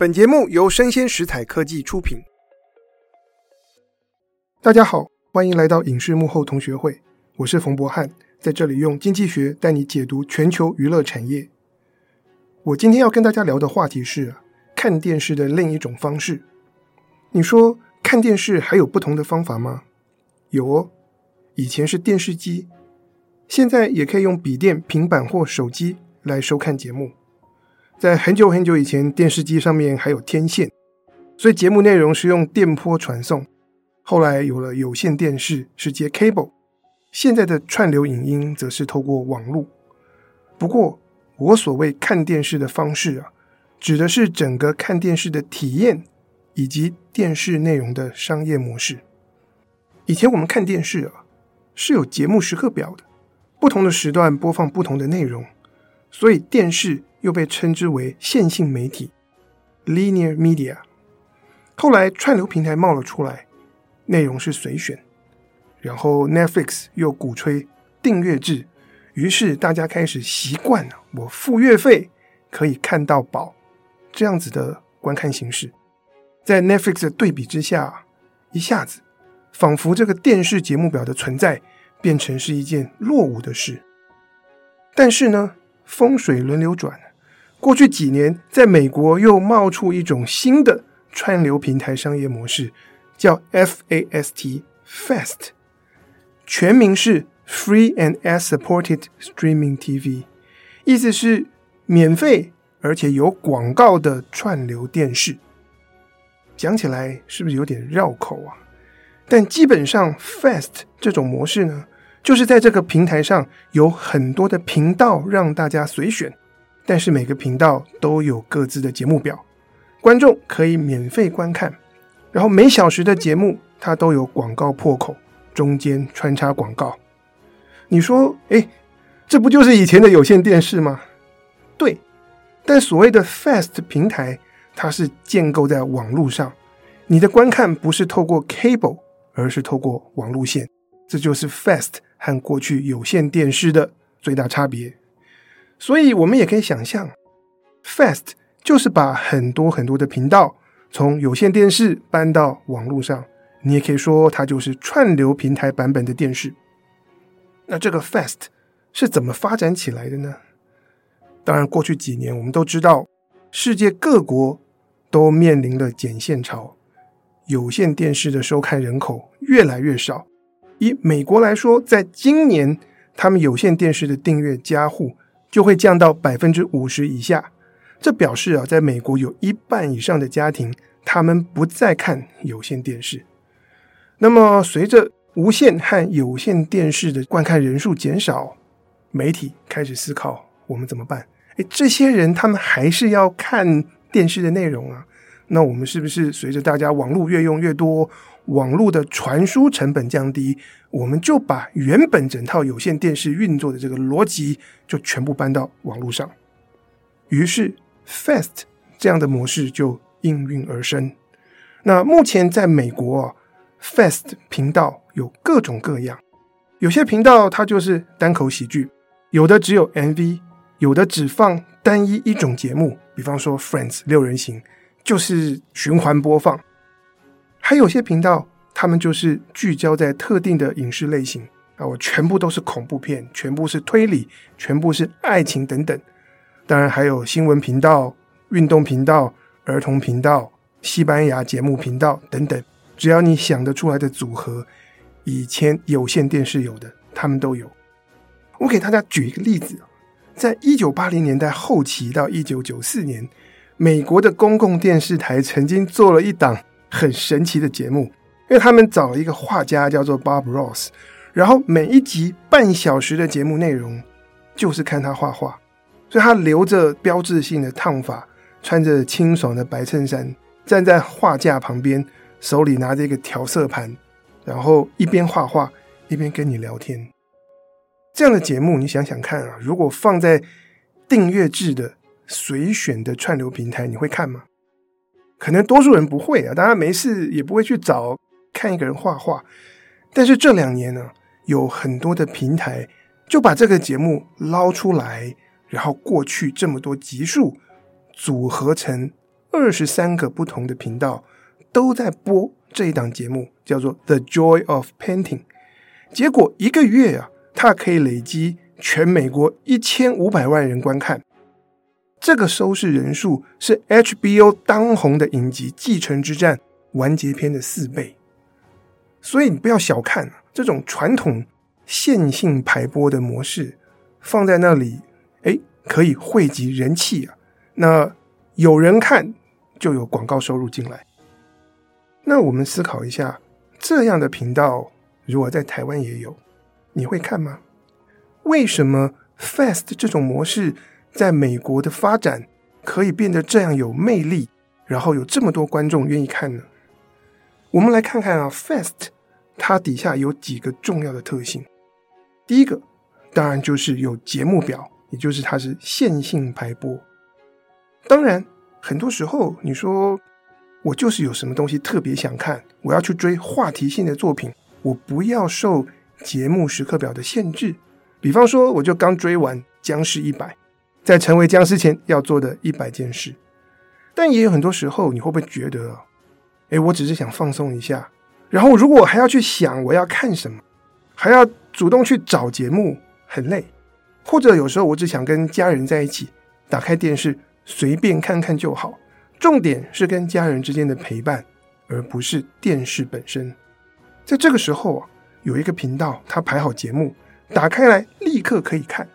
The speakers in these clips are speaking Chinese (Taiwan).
本節目由聲鮮時采科技出品。大家好，歡迎來到影視幕後同學會，我是馮博瀚，在這裡用經濟學帶你解讀全球娛樂產業。我今天要跟大家聊的話題是看電視的另一種方式。你說看電視還有不同的方法嗎？有哦，以前是電視機，現在也可以用筆電、平板或手機來收看節目。在很久很久以前，電視機上面還有天線，所以節目內容是用電波傳送。後來有了有線電視，是接 cable。現在的串流影音則是透過網路。不過，我所謂看電視的方式啊，指的是整個看電視的體驗以及電視內容的商業模式。以前我們看電視啊，是有節目時刻表的，不同的時段播放不同的內容。所以電視又被稱之為線性媒體 （linear media）。後來串流平台冒了出來，內容是隨選，然後 Netflix 又鼓吹訂閱制，於是大家開始習慣了我付月費可以看到飽這樣子的觀看形式。在 Netflix 的對比之下，一下子仿佛這個電視節目表的存在變成是一件落伍的事。但是呢？風水輪流轉，過去幾年，在美國又冒出一種新的串流平台商業模式，叫 FAST，FAST，全名是 Free and Ad Supported Streaming TV，意思是免費而且有廣告的串流電視。講起來是不是有點繞口啊？但基本上 Fast 這種模式呢，就是在這個平台上有很多的頻道讓大家隨選，但是每個頻道都有各自的節目表，觀眾可以免費觀看。然後每小時的節目它都有廣告破口，中間穿插廣告。你說，誒，這不就是以前的有線電視嗎？對，但所謂的 FAST 平台，它是建構在網絡上，你的觀看不是透過 cable，而是透過網路線，這就是 FAST。和過去有線電視的最大差別，所以我們也可以想象，FAST 就是把很多很多的頻道從有線電視搬到網絡上。你也可以說它就是串流平台版本的電視。那這個 FAST 是怎麼發展起來的呢？當然，過去幾年我們都知道，世界各國都面臨了剪線潮，有線電視的收看人口越來越少。以美國來說，在今年，他們有線電視的訂閱家戶，就會降到百分之五十以下。這表示啊，在美國有一半以上的家庭，他們不再看有線電視。那麼，隨着無線和有線電視的觀看人數減少，媒體開始思考，我們怎麼辦？誒，這些人他們還是要看電視的內容啊。那我們是不是隨着大家網絡越用越多？網絡的傳輸成本降低，我們就把原本整套有線電視運作的這個邏輯，就全部搬到網絡上。於是，Fast 這樣的模式就應運而生。那目前在美國啊，Fast 頻道有各種各樣，有些頻道它就是單口喜劇，有的只有 MV，有的只放單一一種節目，比方說《Friends》六人行就是循環播放。還有些頻道，他們就是聚焦在特定的影視類型啊，我全部都是恐怖片，全部是推理，全部是愛情等等。當然還有新聞頻道、運動頻道、兒童頻道、西班牙節目頻道等等，只要你想得出來的組合，以前有線電視有的，他們都有。我給大家舉一個例子，在一九八零年代後期到一九九四年，美國的公共電視台曾經做了一檔。很神奇的節目，因為他們找了一個畫家叫做 Bob Ross，然後每一集半小時的節目內容就是看他畫畫，所以他留着標誌性的燙髮，穿着清爽的白襯衫，站在畫架旁邊，手裡拿着一個調色盤，然後一邊畫畫一邊跟你聊天。這樣的節目，你想想看啊，如果放在訂閱制的隨選的串流平台，你會看嗎？可能多數人不會啊，大家沒事也不會去找看一個人畫畫。但是這兩年呢、啊，有很多的平台就把這個節目撈出來，然後過去這麼多集數組合成二十三個不同的頻道都在播這一檔節目，叫做《The Joy of Painting》。結果一個月啊，它可以累積全美國一千五百萬人觀看。這個收視人數是 HBO 當紅的影集《繼承之戰》完結篇的四倍，所以你不要小看啊，這種傳統線性排播的模式放在那裡，誒，可以匯集人氣啊。那有人看就有廣告收入進來。那我們思考一下，這樣的頻道如果在台灣也有，你會看嗎？為什麼 Fast 這種模式？在美國的發展可以變得這樣有魅力，然後有這麼多觀眾願意看呢？我們來看看啊，FAST，它底下有幾個重要的特性。第一個，當然就是有節目表，也就是它是線性排播。當然，很多時候你說我就是有什麼東西特別想看，我要去追話題性的作品，我不要受節目時刻表的限制。比方說，我就剛追完《僵屍一百》。在成為僵屍前要做的一百件事，但也有很多時候，你會不會覺得，哎，我只是想放鬆一下，然後如果我還要去想我要看什麼，還要主動去找節目，很累。或者有時候我只想跟家人在一起，打開電視隨便看看就好，重點是跟家人之間的陪伴，而不是電視本身。在這個時候啊，有一個頻道，它排好節目，打開來立刻可以看。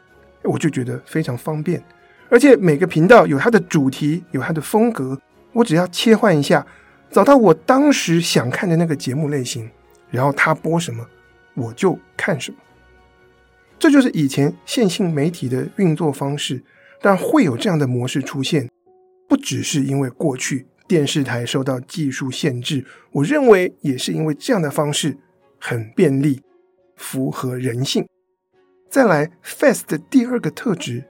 我就覺得非常方便，而且每個頻道有它的主題，有它的風格。我只要切換一下，找到我當時想看的那個節目類型，然後它播什麼，我就看什麼。這就是以前線性媒體的運作方式。但會有這樣的模式出現，不只是因為過去電視台受到技術限制，我認為也是因為這樣的方式很便利，符合人性。再來，FAST 的第二個特質，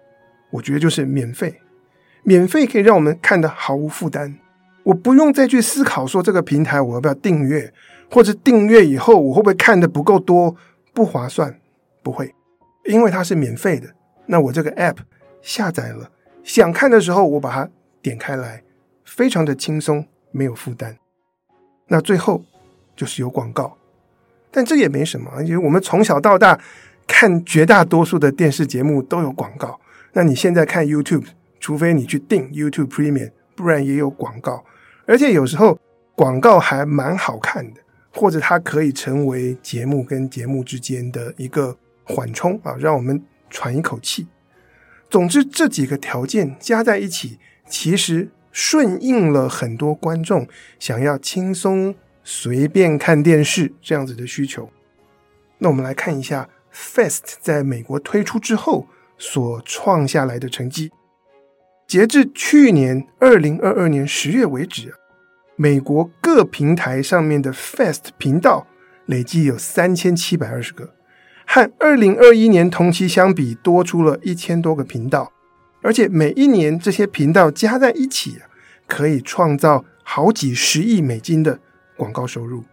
我覺得就是免費。免費可以讓我們看得毫無負擔，我不用再去思考說這個平台我要不要訂閱，或者訂閱以後我會不會看得不夠多，不划算。不會，因為它是免費的。那我這個 App 下載了，想看的時候我把它點開來，非常的輕鬆，沒有負擔。那最後就是有廣告，但這也沒什麼，因為我們從小到大，看絕大多數的電視節目都有廣告，那你現在看 YouTube，除非你去訂 YouTube Premium，不然也有廣告。而且有時候廣告還蠻好看的，或者它可以成為節目跟節目之間的一個緩衝啊，讓我們喘一口氣。總之，這幾個條件加在一起，其實順應了很多觀眾想要輕鬆隨便看電視這樣子的需求。那我們來看一下。FAST 在美國推出之後所創下來的成績，截至去年二零二二年十月為止，美國各平台上面的 FAST 頻道累計有三千七百二十個，和二零二一年同期相比多出了一千多個頻道，而且每一年這些頻道加在一起啊，可以創造好幾十億美金的廣告收入。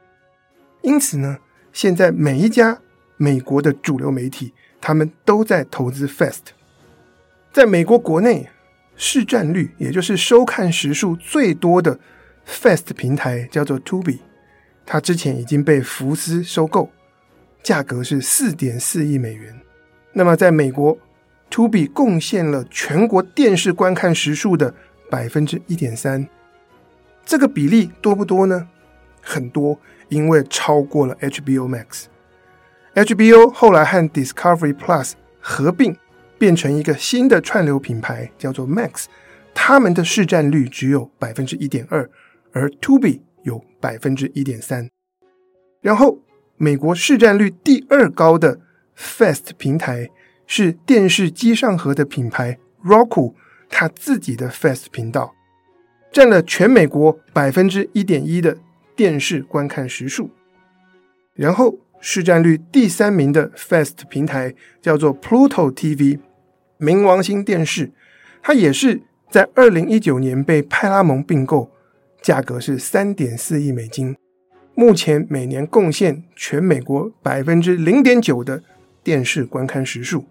因此呢，現在每一家美國的主流媒體，他們都在投資 FAST。在美國國內，市占率也就是收看時數最多的 FAST 平臺叫做 Tubi，它之前已經被福斯收購，價格是四點四億美元。那麼，在美國，Tubi 貢獻了全國電視觀看時數的百分之一點三，這個比例多不多呢？很多，因為超過了 HBO Max。HBO 後來和 Discovery Plus 合併，變成一個新的串流品牌，叫做 Max。他們的市占率只有百分之一點二，而 Tubi 有百分之一點三。然後，美國市占率第二高的 Fast 平台是電視機上盒的品牌 Roku，它自己的 Fast 頻道占了全美國百分之一點一的電視觀看時數。然後。市占率第三名的 Fast 平台叫做 Pluto TV，冥王星電視，它也是在二零一九年被派拉蒙併購，價格是三點四億美金，目前每年貢獻全美國百分之零點九的電視觀看時數。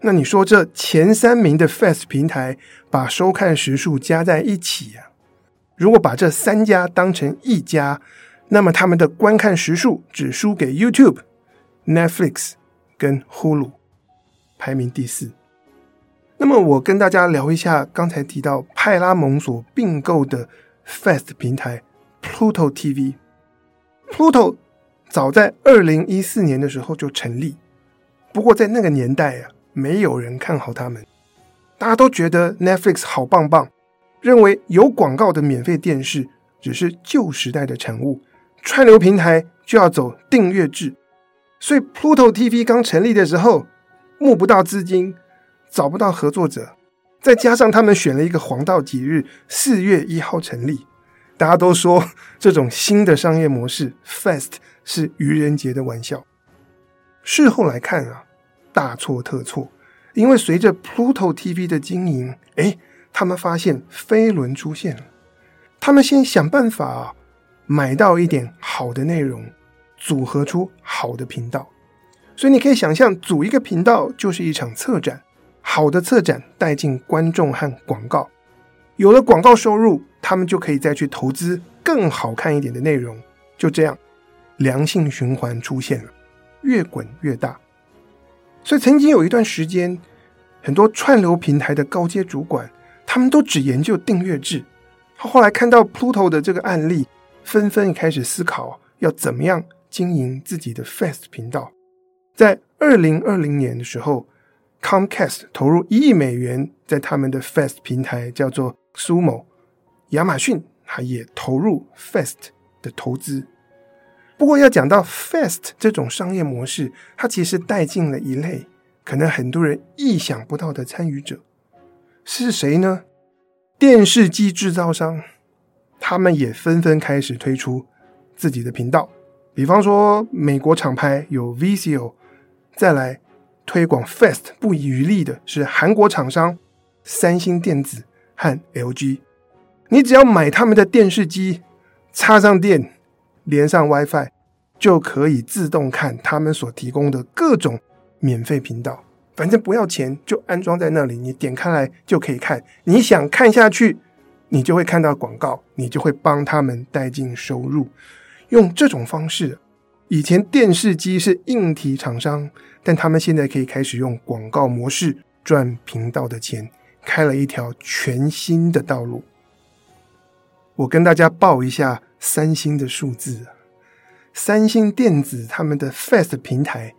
那你說這前三名的 Fast 平台把收看時數加在一起啊，如果把這三家當成一家。那麼他們的觀看時數只輸給 YouTube、Netflix 跟 Hulu，排名第四。那麼我跟大家聊一下剛才提到派拉蒙所併購的 FAST 平台 Pluto TV。Pluto 早在二零一四年的時候就成立，不過在那個年代啊，沒有人看好他們，大家都覺得 Netflix 好棒棒，認為有廣告的免費電視只是舊時代的產物。串流平台就要走訂閱制，所以 Pluto TV 剛成立的時候，募不到資金，找不到合作者，再加上他們選了一個黃道吉日，四月一號成立，大家都說這種新的商業模式 Fast 是愚人節的玩笑。事後來看啊，大錯特錯，因為隨着 Pluto TV 的經營，誒，他們發現飛輪出現了，他們先想辦法啊，買到一點好的內容，組合出好的頻道，所以你可以想象，組一個頻道就是一場策展，好的策展帶進觀眾和廣告，有了廣告收入，他們就可以再去投資更好看一點的內容，就這樣，良性循環出現了，越滾越大。所以曾經有一段時間，很多串流平台的高階主管，他們都只研究訂閱制，他後來看到 Pluto 的這個案例。紛紛開始思考要怎麼樣經營自己的 Fast 頻道。在二零二零年的時候，Comcast 投入一億美元在他們的 Fast 平台，叫做 Sumo；亞馬遜它也投入 Fast 的投資。不過，要講到 Fast 這種商業模式，它其實帶進了一類可能很多人意想不到的參與者，是誰呢？電視機製造商。他們也紛紛開始推出自己的頻道，比方說美國廠牌有 Vizio，再來推廣 Fast，不遺餘力的是韓國廠商三星電子和 LG。你只要買他們的電視機，插上電，連上 WiFi，就可以自動看他們所提供的各種免費頻道，反正不要錢，就安裝在那裡，你點開來就可以看，你想看下去。你就會看到廣告，你就會幫他們帶進收入。用這種方式，以前電視機是硬體廠商，但他們現在可以開始用廣告模式賺頻道的錢，開了一條全新的道路。我跟大家報一下三星的數字。三星電子他們的 FAST 平台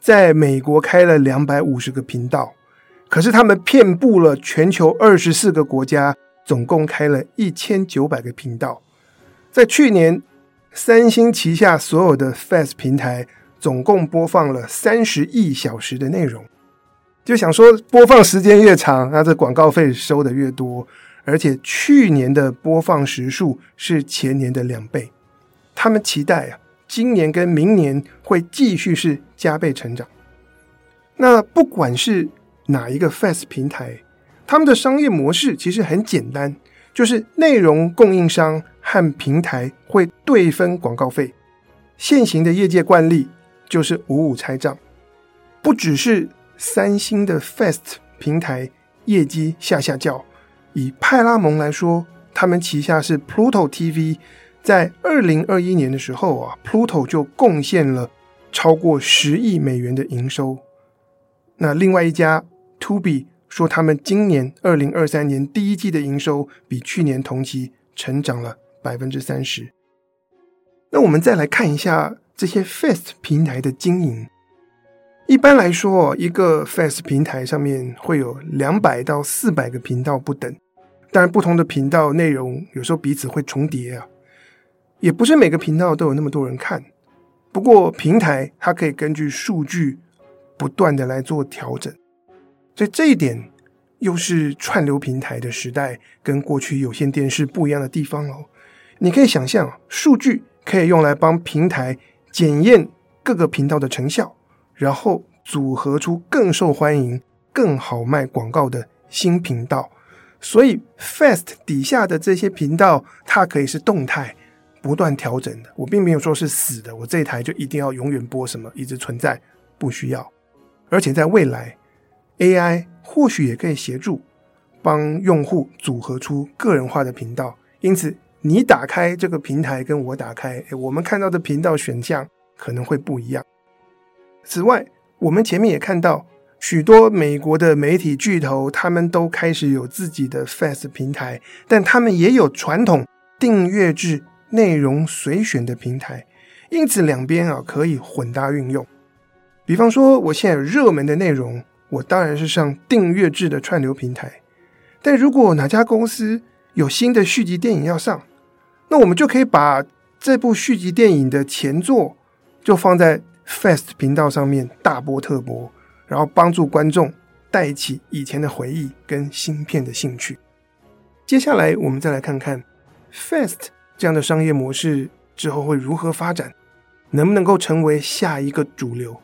在美國開了兩百五十個頻道，可是他們遍布了全球二十四個國家。總共開了一千九百個頻道，在去年，三星旗下所有的 Fast 平台總共播放了三十億小時的內容，就想說播放時間越長，那這廣告費收得越多，而且去年的播放時數是前年的兩倍，他們期待啊，今年跟明年會繼續是加倍成長。那不管是哪一個 Fast 平台。他們的商業模式其實很簡單，就是內容供應商和平台會對分廣告費。現行的業界慣例就是五五拆賬。不只是三星的 Fast 平台業績嚇嚇叫，以派拉蒙來說，他們旗下是 Pluto TV，在二零二一年的時候啊，Pluto 就貢獻了超過十億美元的營收。那另外一家 Tubi。說他們今年二零二三年第一季的營收比去年同期成長了百分之三十。那我們再來看一下這些 FAST 平台的經營。一般來說，一個 FAST 平台上面會有兩百到四百個頻道不等，當然不同的頻道內容有時候彼此會重疊啊，也不是每個頻道都有那麼多人看。不過平台它可以根據數據不斷的來做調整。所以這一點又是串流平台的時代跟過去有線電視不一樣的地方哦，你可以想象，數據可以用來幫平台檢驗各個頻道的成效，然後組合出更受歡迎、更好賣廣告的新頻道。所以，Fast 底下的這些頻道，它可以是動態、不斷調整的。我並沒有說是死的，我這一台就一定要永遠播什麼，一直存在，不需要。而且，在未來。AI 或許也可以協助幫用戶組合出個人化的頻道，因此你打開這個平台跟我打開，我們看到的頻道選項可能會不一樣。此外，我們前面也看到許多美國的媒體巨頭，他們都開始有自己的 FAST 平台，但他們也有傳統訂閱制內容隨選的平台，因此兩邊啊可以混搭運用。比方說，我現在有熱門的內容。我當然是上訂閱制的串流平台，但如果哪家公司有新的續集電影要上，那我們就可以把這部續集電影的前作就放在 FAST 頻道上面大播特播，然後幫助觀眾帶起以前的回憶跟新片的興趣。接下來我們再來看看 FAST 這樣的商業模式之後會如何發展，能不能夠成為下一個主流？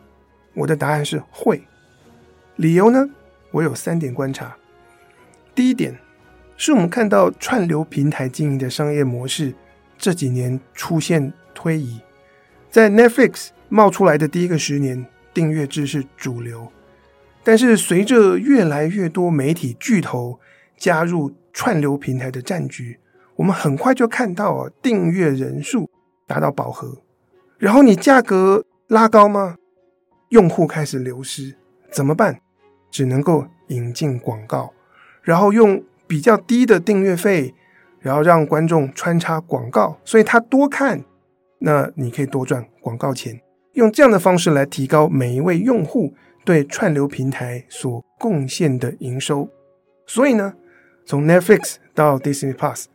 我的答案是會。理由呢？我有三點觀察。第一點，是我們看到串流平台經營的商業模式這幾年出現推移。在 Netflix 冒出來的第一個十年，訂閱制是主流。但是隨着越來越多媒體巨頭加入串流平台的戰局，我們很快就看到訂閱人數達到飽和。然後你價格拉高嗎？用戶開始流失。怎麼辦？只能夠引進廣告，然後用比較低的訂閱費，然後讓觀眾穿插廣告，所以他多看，那你可以多賺廣告錢，用這樣的方式來提高每一位用戶對串流平台所貢獻的營收。所以呢，從 Netflix 到 Disney Plus，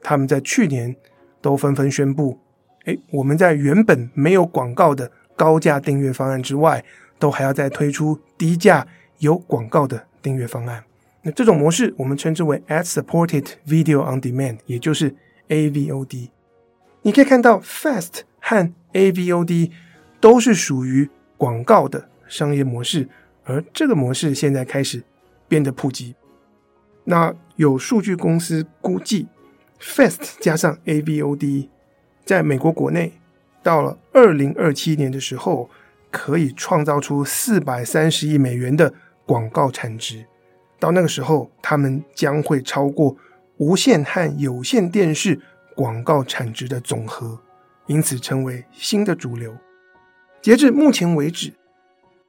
他們在去年都紛紛宣布，誒，我們在原本沒有廣告的高價訂閱方案之外，都還要再推出低價有廣告的訂閱方案，那這種模式我們稱之為 ad supported video on demand，也就是 AVOD。你可以看到，FAST 和 AVOD 都是屬於廣告的商業模式，而這個模式現在開始變得普及。那有數據公司估計，FAST 加上 AVOD，在美國國內到了二零二七年的時候，可以創造出四百三十億美元的廣告產值，到那個時候，他們將會超過無線和有線電視廣告產值的總和，因此成為新的主流。截至目前為止，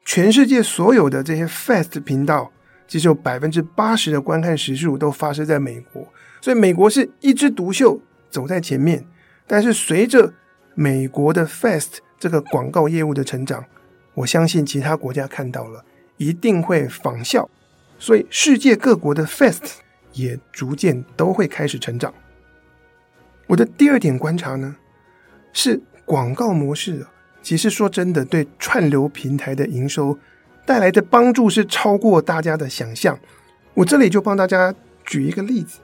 全世界所有的這些 FAST 頻道其實有百分之八十的觀看時數都發生在美國，所以美國是一枝獨秀，走在前面。但是隨着美國的 FAST。這個廣告業務的成長，我相信其他國家看到了，一定會仿效，所以世界各國的 FAST 也逐漸都會開始成長。我的第二點觀察呢，是廣告模式啊，其實說真的，對串流平台的營收帶來的幫助是超過大家的想象。我這裡就幫大家舉一個例子，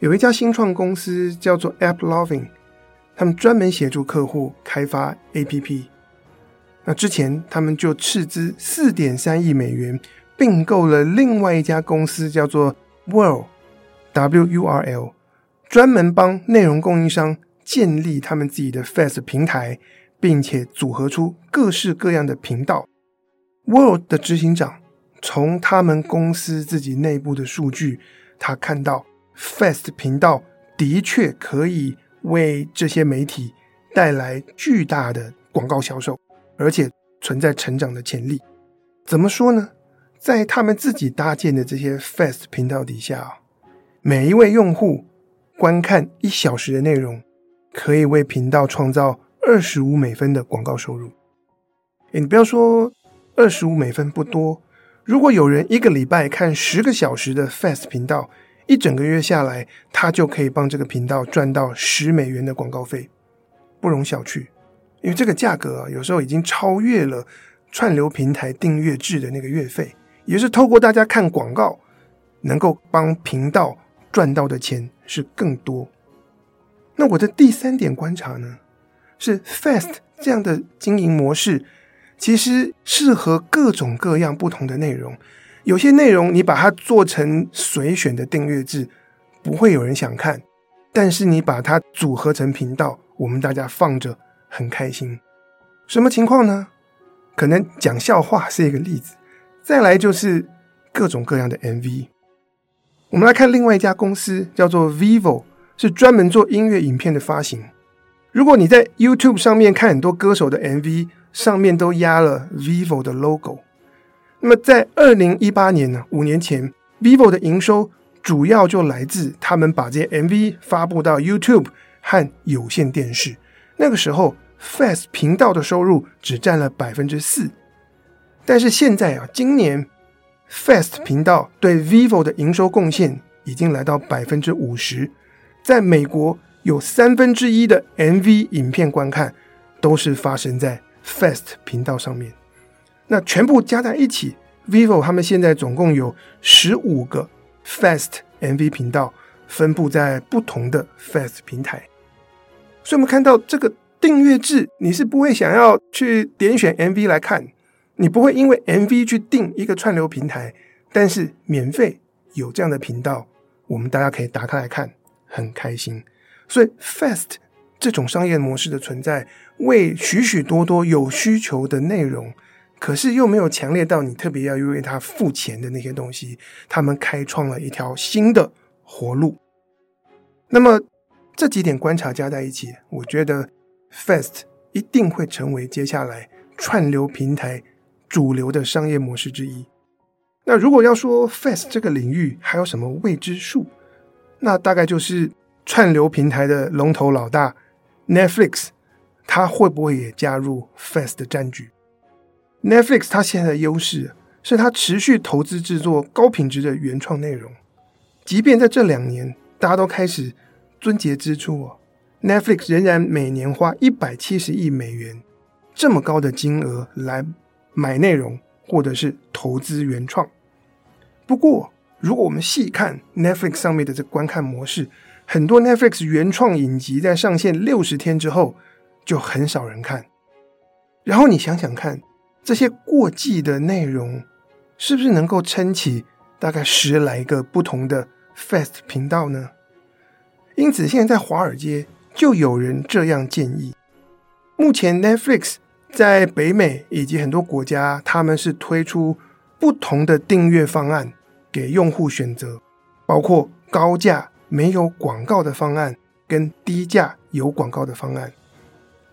有一家新創公司叫做 AppLovin。他們專門協助客戶開發 APP。那之前，他們就斥資四點三億美元併購了另外一家公司，叫做 World（W U R L），專門幫內容供應商建立他們自己的 Fast 平台，並且組合出各式各樣的頻道。World 的執行長從他們公司自己內部的數據，他看到 Fast 頻道的確可以為這些媒體帶來巨大的廣告銷售，而且存在成長的潛力。怎麼說呢？在他們自己搭建的這些 FAST 頻道底下，每一位用戶觀看一小時的內容，可以為頻道創造二十五美分的廣告收入。哎，你不要說二十五美分不多，如果有人一個禮拜看十個小時的 FAST 頻道。一整個月下來，他就可以幫這個頻道賺到十美元的廣告費，不容小覷。因為這個價格啊，有時候已經超越了串流平台訂閱制的那個月費，也就是透過大家看廣告能夠幫頻道賺到的錢是更多。那我的第三點觀察呢，是 Fast 這樣的經營模式其實適合各種各樣不同的內容。有些內容你把它做成隨選的訂閱制，不會有人想看；但是你把它組合成頻道，我們大家放着很開心。什麼情況呢？可能講笑話是一個例子，再來就是各種各樣的 MV。我們來看另外一家公司，叫做 Vevo，是專門做音樂影片的發行。如果你在 YouTube 上面看很多歌手的 MV，上面都壓了 Vevo 的 logo。那麼在二零一八年呢，五年前，Vivo 的營收主要就來自他們把這些 MV 發布到 YouTube 和有線電視。那個時候，Fast 頻道的收入只占了百分之四。但是現在啊，今年 Fast 頻道對 Vivo 的營收貢獻已經來到百分之五十。在美國有，有三分之一的 MV 影片觀看都是發生在 Fast 頻道上面。那全部加在一起，vivo 他們現在總共有十五個 fast MV 頻道，分布在不同的 fast 平台。所以我們看到這個訂閱制，你是不會想要去點選 MV 來看，你不會因為 MV 去訂一個串流平台，但是免費有這樣的頻道，我們大家可以打開來看，很開心。所以 fast 這種商業模式的存在，為許許多多有需求的內容。可是又沒有強烈到你特別要因為他付錢的那些東西，他們開創了一條新的活路。那麼這幾點觀察加在一起，我覺得 Fast 一定會成為接下來串流平台主流的商業模式之一。那如果要說 Fast 這個領域還有什麼未知數，那大概就是串流平台的龍頭老大 Netflix，它會不會也加入 Fast 的戰局？Netflix 它現在的優勢是它持續投資制作高品質的原創內容，即便在這兩年大家都開始撙節支出哦，Netflix 仍然每年花一百七十億美元這麼高的金額來買內容或者是投資原創。不過，如果我們細看 Netflix 上面的這觀看模式，很多 Netflix 原創影集在上線六十天之後就很少人看，然後你想想看。這些過季的內容，是不是能夠撐起大概十來個不同的 Fast 頻道呢？因此，現在在華爾街就有人這樣建議：目前 Netflix 在北美以及很多國家，他們是推出不同的訂閱方案給用戶選擇，包括高價沒有廣告的方案跟低價有廣告的方案。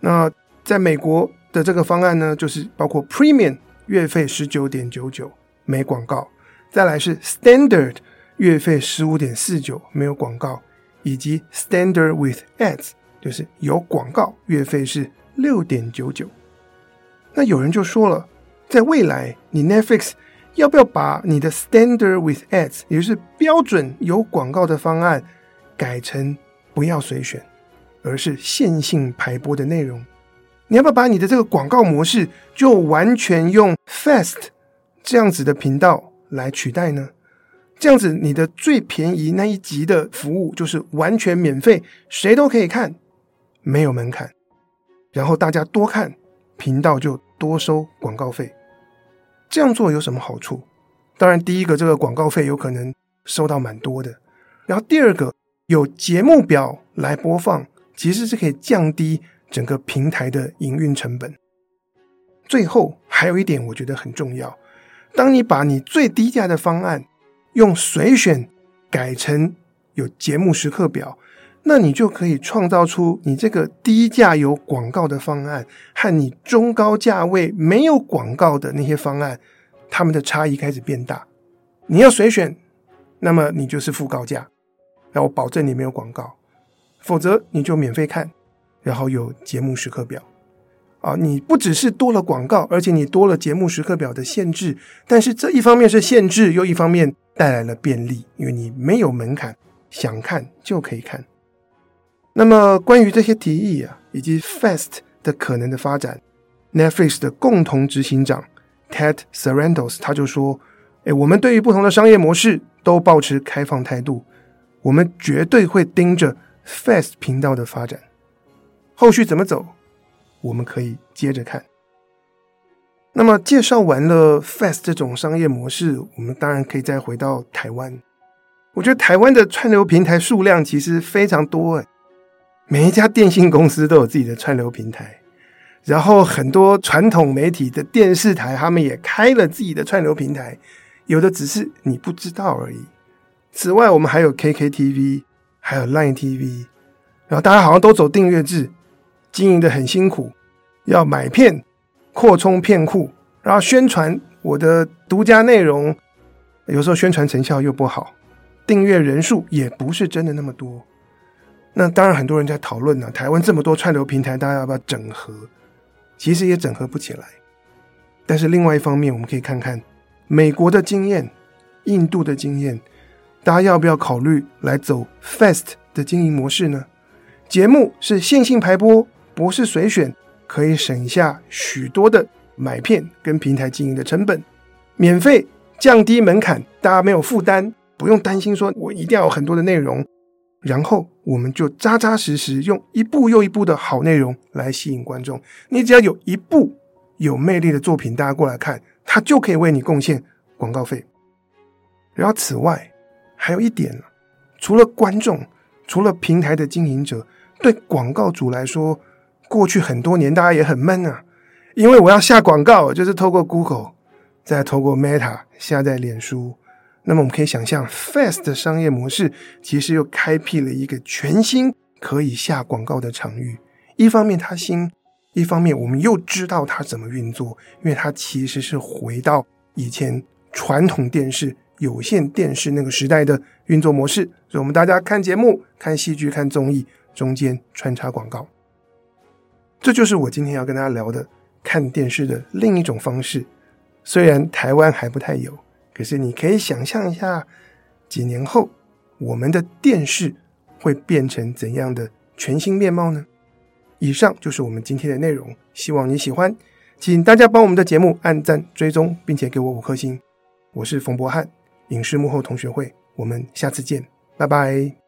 那在美國，的這個方案呢，就是包括 Premium 月費十九點九九沒廣告，再來是 Standard 月費十五點四九沒有廣告，以及 Standard with Ads 就是有廣告，月費是六點九九。那有人就說了，在未來你 Netflix 要不要把你的 Standard with Ads，也就是標準有廣告的方案，改成不要隨選，而是線性排播的內容？你要不要把你的這個廣告模式就完全用 FAST 這樣子的頻道來取代呢？這樣子你的最便宜那一級的服務就是完全免費，誰都可以看，沒有門檻。然後大家多看頻道就多收廣告費，這樣做有什麼好處？當然，第一個這個廣告費有可能收到蠻多的。然後第二個有節目表來播放，其實是可以降低。整個平台的營運成本。最後還有一點，我覺得很重要，當你把你最低價的方案用隨選改成有節目時刻表，那你就可以創造出你這個低價有廣告的方案和你中高價位沒有廣告的那些方案，它們的差異開始變大。你要隨選，那麼你就是付高價，那我保證你沒有廣告，否則你就免費看。然後有節目時刻表啊，你不只是多了廣告，而且你多了節目時刻表的限制。但是這一方面是限制，又一方面帶來了便利，因為你沒有門檻，想看就可以看。那麼關於這些提議啊，以及 FAST 的可能的發展，Netflix 的共同執行長 Ted Sarandos 他就說：“哎，我們對於不同的商業模式都保持開放態度，我們絕對會盯着 FAST 頻道的發展。”後續怎麼走，我們可以接着看。那麼介紹完了 Fast 這種商業模式，我們當然可以再回到台灣。我覺得台灣的串流平台數量其實非常多誒，每一家電信公司都有自己的串流平台，然後很多傳統媒體的電視台他們也開了自己的串流平台，有的只是你不知道而已。此外，我們還有 KKTV，還有 LINE TV，然後大家好像都走訂閱制。經營的很辛苦，要買片、擴充片庫，然後宣傳我的獨家內容，有時候宣傳成效又不好，訂閱人數也不是真的那麼多。那當然，很多人在討論呢、啊，台灣這麼多串流平台，大家要不要整合？其實也整合不起來。但是另外一方面，我們可以看看美國的經驗、印度的經驗，大家要不要考慮來走 FAST 的經營模式呢？節目是線性排播。不是隨選，可以省下許多的買片跟平台經營的成本，免費，降低門檻，大家沒有負擔，不用擔心說我一定要有很多的內容，然後我們就扎扎實實用一部又一部的好內容來吸引觀眾。你只要有一部有魅力的作品，大家過來看，它就可以為你貢獻廣告費。然後此外還有一點，除了觀眾，除了平台的經營者，對廣告主來說。過去很多年，大家也很悶啊，因為我要下廣告，就是透過 Google，再透過 Meta 下在臉書。那麼我們可以想象，Fast 的商業模式其實又開闢了一個全新可以下廣告的場域。一方面它新，一方面我們又知道它怎麼運作，因為它其實是回到以前傳統電視、有線電視那個時代的運作模式。所以我們大家看節目、看戲劇、看綜藝，中間穿插廣告。這就是我今天要跟大家聊的看電視的另一種方式。雖然台灣還不太有，可是你可以想象一下，幾年後我們的電視會變成怎樣的全新面貌呢？以上就是我們今天的內容，希望你喜歡。請大家幫我們的節目按讚、追蹤，並且給我五顆星。我是馮博翰，影視幕後同學會，我們下次見，拜拜。